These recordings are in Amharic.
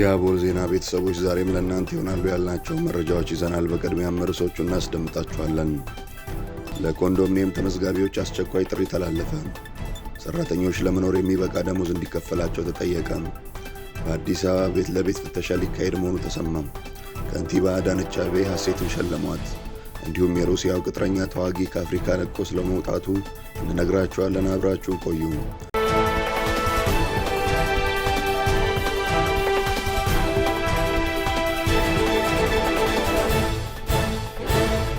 የአቦል ዜና ቤተሰቦች ዛሬም ለእናንተ ይሆናሉ ያልናቸው መረጃዎች ይዘናል። በቅድሚያም ርዕሶቹ እናስደምጣችኋለን። ለኮንዶሚኒየም ተመዝጋቢዎች አስቸኳይ ጥሪ ተላለፈ። ሰራተኞች ለመኖር የሚበቃ ደሞዝ እንዲከፈላቸው ተጠየቀ። በአዲስ አበባ ቤት ለቤት ፍተሻ ሊካሄድ መሆኑ ተሰማም። ከንቲባ አዳነች አቤቤ ሐሴትን ሸለሟት። እንዲሁም የሩሲያው ቅጥረኛ ተዋጊ ከአፍሪካ ለቆ ስለመውጣቱ እንነግራችኋለን። አብራችሁ ቆዩ።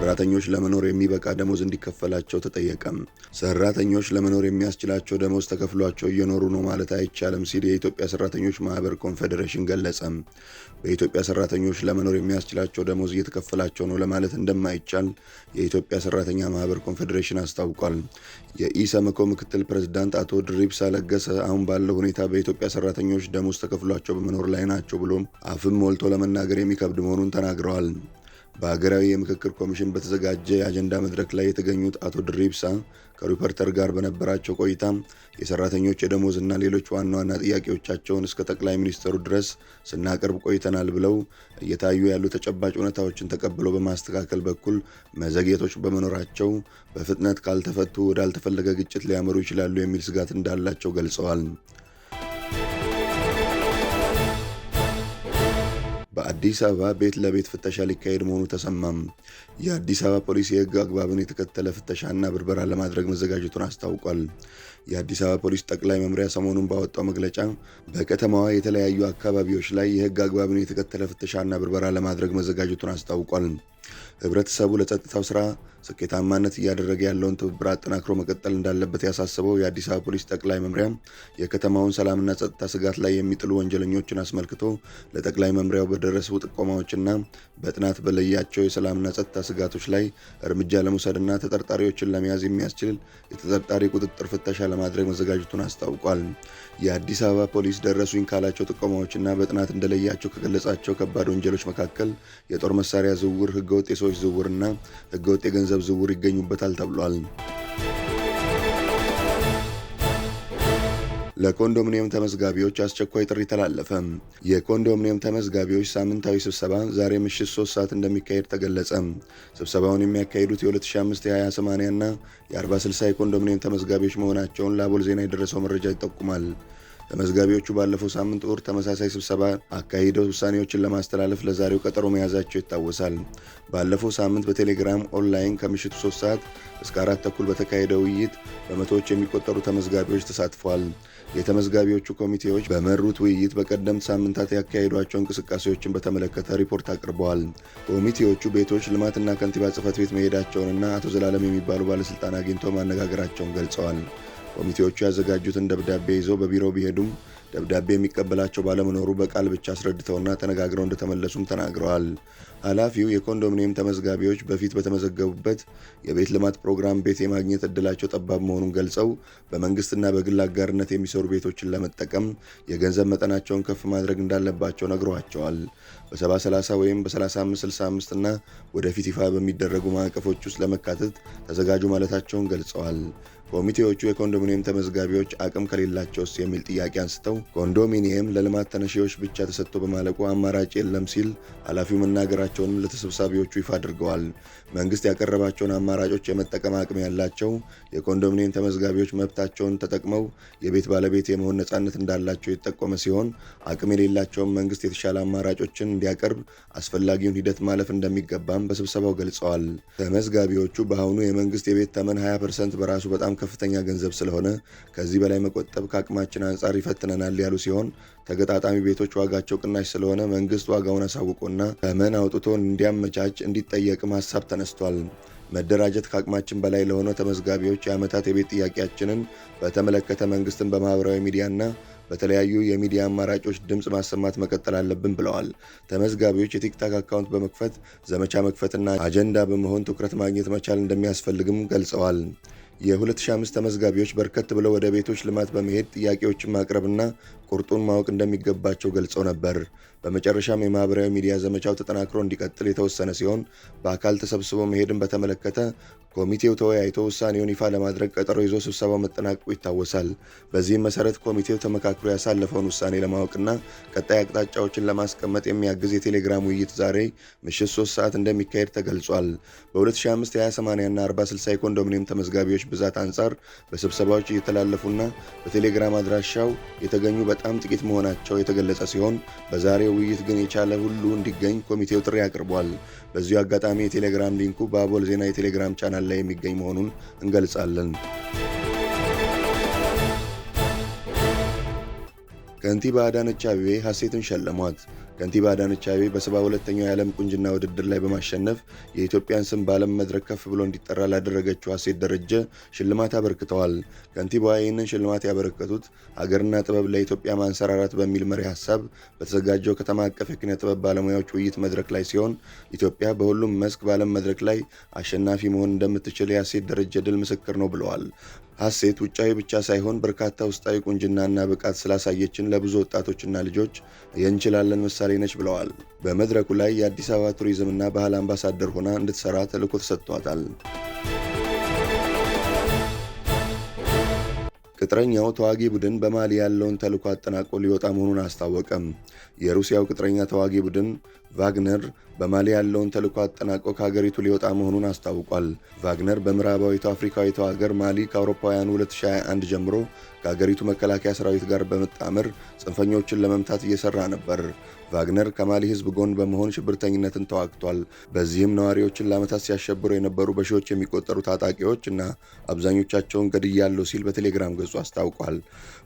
ሰራተኞች ለመኖር የሚበቃ ደሞዝ እንዲከፈላቸው ተጠየቀም። ሰራተኞች ለመኖር የሚያስችላቸው ደሞዝ ተከፍሏቸው እየኖሩ ነው ማለት አይቻልም ሲል የኢትዮጵያ ሰራተኞች ማህበር ኮንፌዴሬሽን ገለጸም። በኢትዮጵያ ሰራተኞች ለመኖር የሚያስችላቸው ደሞዝ እየተከፈላቸው ነው ለማለት እንደማይቻል የኢትዮጵያ ሰራተኛ ማህበር ኮንፌዴሬሽን አስታውቋል። የኢሰመኮ ምክትል ፕሬዝዳንት አቶ ድሪብሳ ለገሰ አሁን ባለው ሁኔታ በኢትዮጵያ ሰራተኞች ደሞዝ ተከፍሏቸው በመኖር ላይ ናቸው ብሎ አፍም ሞልቶ ለመናገር የሚከብድ መሆኑን ተናግረዋል። በሀገራዊ የምክክር ኮሚሽን በተዘጋጀ የአጀንዳ መድረክ ላይ የተገኙት አቶ ድሪብሳ ከሪፖርተር ጋር በነበራቸው ቆይታ የሰራተኞች የደሞዝ እና ሌሎች ዋና ዋና ጥያቄዎቻቸውን እስከ ጠቅላይ ሚኒስትሩ ድረስ ስናቀርብ ቆይተናል ብለው እየታዩ ያሉ ተጨባጭ እውነታዎችን ተቀብለው በማስተካከል በኩል መዘግየቶች በመኖራቸው በፍጥነት ካልተፈቱ ወዳልተፈለገ ግጭት ሊያመሩ ይችላሉ የሚል ስጋት እንዳላቸው ገልጸዋል። በአዲስ አበባ ቤት ለቤት ፍተሻ ሊካሄድ መሆኑ ተሰማም። የአዲስ አበባ ፖሊስ የህግ አግባብን የተከተለ ፍተሻና ብርበራ ለማድረግ መዘጋጀቱን አስታውቋል። የአዲስ አበባ ፖሊስ ጠቅላይ መምሪያ ሰሞኑን ባወጣው መግለጫ በከተማዋ የተለያዩ አካባቢዎች ላይ የህግ አግባብን የተከተለ ፍተሻና ብርበራ ለማድረግ መዘጋጀቱን አስታውቋል። ህብረተሰቡ ለጸጥታው ስራ ስኬታማነት እያደረገ ያለውን ትብብር አጠናክሮ መቀጠል እንዳለበት ያሳስበው የአዲስ አበባ ፖሊስ ጠቅላይ መምሪያ የከተማውን ሰላምና ጸጥታ ስጋት ላይ የሚጥሉ ወንጀለኞችን አስመልክቶ ለጠቅላይ መምሪያው በደረሱ ጥቆማዎችና በጥናት በለያቸው የሰላምና ጸጥታ ስጋቶች ላይ እርምጃ ለመውሰድና ተጠርጣሪዎችን ለመያዝ የሚያስችል የተጠርጣሪ ቁጥጥር ፍተሻ ለማድረግ መዘጋጀቱን አስታውቋል። የአዲስ አበባ ፖሊስ ደረሱኝ ካላቸው ጥቆማዎችና በጥናት እንደለያቸው ከገለጻቸው ከባድ ወንጀሎች መካከል የጦር መሳሪያ ዝውውር፣ ህገወጥ የሰዎች ዝውውርና ህገወጥ የገንዘብ ዝውውር ይገኙበታል ተብሏል። ለኮንዶሚኒየም ተመዝጋቢዎች አስቸኳይ ጥሪ ተላለፈ። የኮንዶሚኒየም ተመዝጋቢዎች ሳምንታዊ ስብሰባ ዛሬ ምሽት 3 ሰዓት እንደሚካሄድ ተገለጸ። ስብሰባውን የሚያካሂዱት የ2005 የ2080 እና የ4060 የኮንዶሚኒየም ተመዝጋቢዎች መሆናቸውን ለአቦል ዜና የደረሰው መረጃ ይጠቁማል። ተመዝጋቢዎቹ ባለፈው ሳምንት እሁድ ተመሳሳይ ስብሰባ አካሂደው ውሳኔዎችን ለማስተላለፍ ለዛሬው ቀጠሮ መያዛቸው ይታወሳል። ባለፈው ሳምንት በቴሌግራም ኦንላይን ከምሽቱ 3 ሰዓት እስከ አራት ተኩል በተካሄደ ውይይት በመቶዎች የሚቆጠሩ ተመዝጋቢዎች ተሳትፏል። የተመዝጋቢዎቹ ኮሚቴዎች በመሩት ውይይት በቀደምት ሳምንታት ያካሄዷቸው እንቅስቃሴዎችን በተመለከተ ሪፖርት አቅርበዋል። ኮሚቴዎቹ ቤቶች ልማትና ከንቲባ ጽህፈት ቤት መሄዳቸውንና አቶ ዘላለም የሚባሉ ባለስልጣን አግኝተው ማነጋገራቸውን ገልጸዋል። ኮሚቴዎቹ ያዘጋጁትን ደብዳቤ ይዘው በቢሮ ቢሄዱም ደብዳቤ የሚቀበላቸው ባለመኖሩ በቃል ብቻ አስረድተውና ተነጋግረው እንደተመለሱም ተናግረዋል። ኃላፊው የኮንዶሚኒየም ተመዝጋቢዎች በፊት በተመዘገቡበት የቤት ልማት ፕሮግራም ቤት የማግኘት እድላቸው ጠባብ መሆኑን ገልጸው በመንግስትና በግል አጋርነት የሚሰሩ ቤቶችን ለመጠቀም የገንዘብ መጠናቸውን ከፍ ማድረግ እንዳለባቸው ነግሯቸዋል። 70 ወይም በ 3565 እና ወደፊት ይፋ በሚደረጉ ማዕቀፎች ውስጥ ለመካተት ተዘጋጁ ማለታቸውን ገልጸዋል። ኮሚቴዎቹ የኮንዶሚኒየም ተመዝጋቢዎች አቅም ከሌላቸውስ የሚል ጥያቄ አንስተው ኮንዶሚኒየም ለልማት ተነሺዎች ብቻ ተሰጥቶ በማለቁ አማራጭ የለም ሲል ኃላፊው መናገራቸውንም ለተሰብሳቢዎቹ ይፋ አድርገዋል። መንግስት ያቀረባቸውን አማራጮች የመጠቀም አቅም ያላቸው የኮንዶሚኒየም ተመዝጋቢዎች መብታቸውን ተጠቅመው የቤት ባለቤት የመሆን ነጻነት እንዳላቸው የተጠቆመ ሲሆን አቅም የሌላቸውም መንግስት የተሻለ አማራጮችን እንዲያቀርብ አስፈላጊውን ሂደት ማለፍ እንደሚገባም በስብሰባው ገልጸዋል። ተመዝጋቢዎቹ በአሁኑ የመንግስት የቤት ተመን 20 ፐርሰንት በራሱ በጣም ከፍተኛ ገንዘብ ስለሆነ ከዚህ በላይ መቆጠብ ከአቅማችን አንጻር ይፈትነናል ያሉ ሲሆን ተገጣጣሚ ቤቶች ዋጋቸው ቅናሽ ስለሆነ መንግስት ዋጋውን አሳውቆና ተመን አውጥቶ እንዲያመቻች እንዲጠየቅም ሀሳብ ተነስቷል። መደራጀት ከአቅማችን በላይ ለሆነ ተመዝጋቢዎች የዓመታት የቤት ጥያቄያችንን በተመለከተ መንግስትን በማህበራዊ ሚዲያና በተለያዩ የሚዲያ አማራጮች ድምፅ ማሰማት መቀጠል አለብን ብለዋል። ተመዝጋቢዎች የቲክታክ አካውንት በመክፈት ዘመቻ መክፈትና አጀንዳ በመሆን ትኩረት ማግኘት መቻል እንደሚያስፈልግም ገልጸዋል። የ2005 ተመዝጋቢዎች በርከት ብለው ወደ ቤቶች ልማት በመሄድ ጥያቄዎችን ማቅረብና ቁርጡን ማወቅ እንደሚገባቸው ገልጸው ነበር። በመጨረሻም የማህበራዊ ሚዲያ ዘመቻው ተጠናክሮ እንዲቀጥል የተወሰነ ሲሆን በአካል ተሰብስቦ መሄድን በተመለከተ ኮሚቴው ተወያይቶ ውሳኔውን ይፋ ለማድረግ ቀጠሮ ይዞ ስብሰባው መጠናቀቁ ይታወሳል። በዚህም መሰረት ኮሚቴው ተመካክሮ ያሳለፈውን ውሳኔ ለማወቅና ቀጣይ አቅጣጫዎችን ለማስቀመጥ የሚያግዝ የቴሌግራም ውይይት ዛሬ ምሽት 3 ሰዓት እንደሚካሄድ ተገልጿል። 2025 2080ና 46 የኮንዶሚኒየም ተመዝጋቢዎች ብዛት አንጻር በስብሰባዎች እየተላለፉና በቴሌግራም አድራሻው የተገኙ በጣም ጥቂት መሆናቸው የተገለጸ ሲሆን በዛሬ ውይይት ግን የቻለ ሁሉ እንዲገኝ ኮሚቴው ጥሪ አቅርቧል። በዚሁ አጋጣሚ የቴሌግራም ሊንኩ በአቦል ዜና የቴሌግራም ቻናል ላይ የሚገኝ መሆኑን እንገልጻለን። ከንቲባ አዳነች አቤቤ ሐሴትን ሸለሟት። ከንቲባ አዳነች አቤቤ በሰባ ሁለተኛው የዓለም ቁንጅና ውድድር ላይ በማሸነፍ የኢትዮጵያን ስም በዓለም መድረክ ከፍ ብሎ እንዲጠራ ላደረገችው ሀሴት ደረጀ ሽልማት አበርክተዋል። ከንቲባዋ ይህንን ሽልማት ያበረከቱት ሀገርና ጥበብ ለኢትዮጵያ ማንሰራራት በሚል መሪ ሀሳብ በተዘጋጀው ከተማ አቀፍ የኪነ ጥበብ ባለሙያዎች ውይይት መድረክ ላይ ሲሆን ኢትዮጵያ በሁሉም መስክ በዓለም መድረክ ላይ አሸናፊ መሆን እንደምትችል የሀሴት ደረጀ ድል ምስክር ነው ብለዋል። ሀሴት ውጫዊ ብቻ ሳይሆን በርካታ ውስጣዊ ቁንጅናና ብቃት ስላሳየችን ለብዙ ወጣቶችና ልጆች የእንችላለን ምሳሌ ነች ብለዋል። በመድረኩ ላይ የአዲስ አበባ ቱሪዝምና ባህል አምባሳደር ሆና እንድትሰራ ተልዕኮ ተሰጥቷታል። ቅጥረኛው ተዋጊ ቡድን በማሊ ያለውን ተልዕኮ አጠናቆ ሊወጣ መሆኑን አስታወቀም። የሩሲያው ቅጥረኛ ተዋጊ ቡድን ቫግነር በማሊ ያለውን ተልዕኮ አጠናቆ ከሀገሪቱ ሊወጣ መሆኑን አስታውቋል። ቫግነር በምዕራባዊቷ አፍሪካዊቷ ሀገር ማሊ ከአውሮፓውያኑ 2021 ጀምሮ ከሀገሪቱ መከላከያ ሰራዊት ጋር በመጣመር ጽንፈኞችን ለመምታት እየሰራ ነበር። ቫግነር ከማሊ ህዝብ ጎን በመሆን ሽብርተኝነትን ተዋግቷል። በዚህም ነዋሪዎችን ለዓመታት ሲያሸብሩ የነበሩ በሺዎች የሚቆጠሩ ታጣቂዎች እና አብዛኞቻቸውን ገድያለሁ ሲል በቴሌግራም ገጹ አስታውቋል።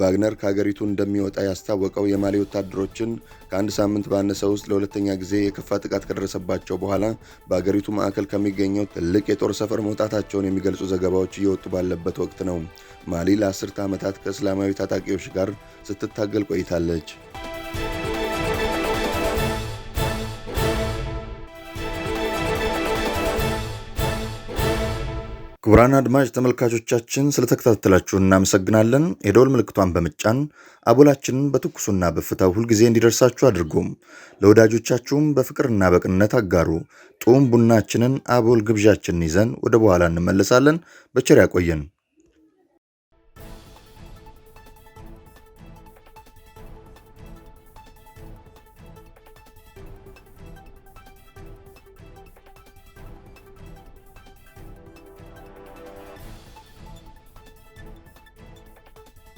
ቫግነር ከሀገሪቱ እንደሚወጣ ያስታወቀው የማሊ ወታደሮችን ከአንድ ሳምንት ባነሰ ውስጥ ለሁለተኛ ጊዜ የከፋ ጥቃት ከደረሰባቸው በኋላ በአገሪቱ ማዕከል ከሚገኘው ትልቅ የጦር ሰፈር መውጣታቸውን የሚገልጹ ዘገባዎች እየወጡ ባለበት ወቅት ነው። ማሊ ለአስርተ ዓመታት ከእስላማዊ ታጣቂዎች ጋር ስትታገል ቆይታለች። ክቡራን አድማጭ ተመልካቾቻችን ስለተከታተላችሁ እናመሰግናለን። የደወል ምልክቷን በመጫን አቦላችንን በትኩሱና በእፍታው ሁልጊዜ እንዲደርሳችሁ አድርጎም ለወዳጆቻችሁም በፍቅርና በቅንነት አጋሩ። ጡም ቡናችንን አቦል ግብዣችንን ይዘን ወደ በኋላ እንመለሳለን። በቸር ያቆየን።